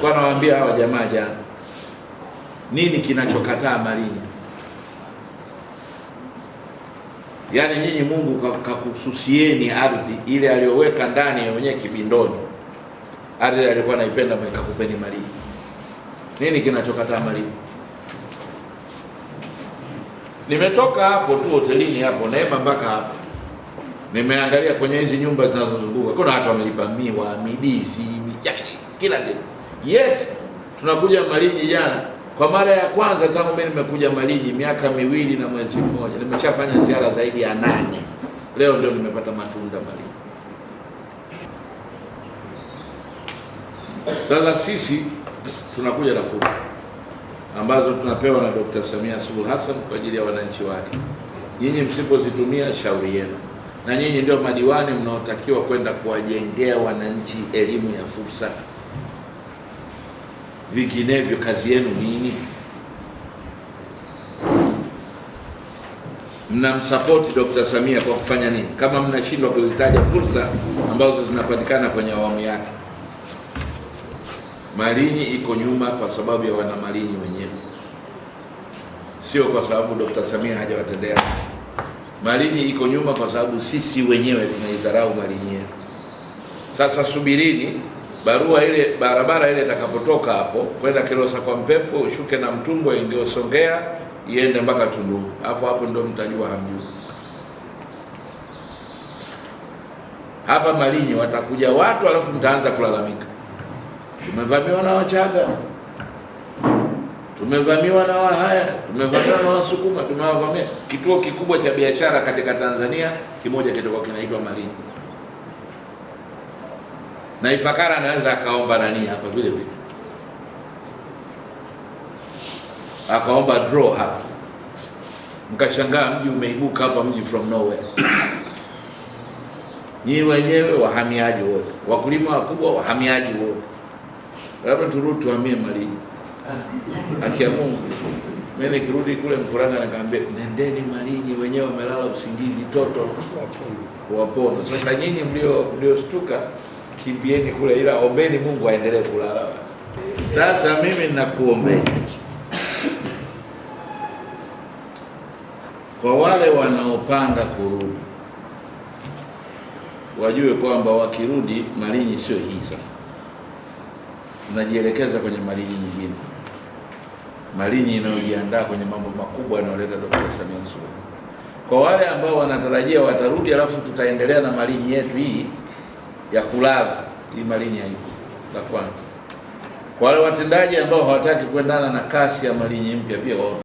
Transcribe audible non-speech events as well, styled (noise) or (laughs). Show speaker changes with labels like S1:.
S1: kwa nawaambia hawa jamaa jana, nini kinachokataa Malinyi? Yaani nyinyi Mungu kakususieni ardhi ile aliyoweka ndani ya mwenyewe kibindoni, ardhi alikuwa naipenda kakupeni Malinyi. Nini kinachokataa Malinyi? Nimetoka hapo tu hotelini hapo Neema mpaka hapo nimeangalia kwenye hizi nyumba zinazozunguka kuna watu wamelipa miwa, midizi, yani kila kitu. Yet tunakuja Malindi jana kwa mara ya kwanza tangu mimi nimekuja Malindi miaka miwili na mwezi mmoja, nimeshafanya ziara zaidi ya nane. Leo ndio nimepata matunda Malindi. Sasa sisi tunakuja na fursa ambazo tunapewa na Dr. Samia Suluhu Hassan kwa ajili ya wananchi wake. Nyinyi msipozitumia, shauri yenu, na nyinyi ndio madiwani mnaotakiwa kwenda kuwajengea wananchi elimu ya fursa vinginevyo kazi yenu nini? Mnamsapoti Dr. Samia kwa kufanya nini kama mnashindwa kuzitaja fursa ambazo zinapatikana kwenye awamu yake? Malinyi iko nyuma kwa sababu ya wana Malinyi wenyewe, sio kwa sababu Dr. Samia hajawatendea. Malinyi iko nyuma kwa sababu sisi wenyewe tunaidharau Malinyi yetu. Sasa subirini barua ile barabara ile itakapotoka hapo kwenda Kilosa kwa Mpepo, ushuke na Mtumbo ingie Songea iende mpaka Tunduru, alafu hapo ndio mtajua hamjui. Hapa Malinyi watakuja watu, alafu mtaanza kulalamika, tumevamiwa na Wachaga, tumevamiwa na Wahaya, tumevamiwa na Wasukuma, tumewavamia. Kituo kikubwa cha biashara katika Tanzania kimoja kitakuwa kinaitwa Malinyi na Ifakara anaweza akaomba nani hapa vile vile, akaomba draw hapa, mkashangaa mji umeibuka hapa, mji from nowhere (clears throat) nyii wenyewe wahamiaji wote, wakulima wakubwa, wahamiaji wote, labda turudi tuhamie Malinyi. (laughs) Akia Mungu, mimi nikirudi kule Mkuranga nikaambia nendeni Malinyi, wenyewe wamelala usingizi toto wapona. Sasa nyinyi mlioshtuka mlio kimbieni kule, ila ombeni Mungu aendelee kulala. Sasa mimi ninakuombea kwa wale wanaopanga kurudi wajue kwamba wakirudi Malinyi sio hii sasa, mnajielekeza kwenye Malinyi nyingine, Malinyi inayojiandaa kwenye mambo makubwa yanayoleta Dr. Samia Suluhu. Kwa wale ambao wanatarajia watarudi, alafu tutaendelea na Malinyi yetu hii ya kulala Malini haipo, la kwanza. Kwa wale watendaji ambao hawataki kuendana na kasi ya Malinyi mpya pia wao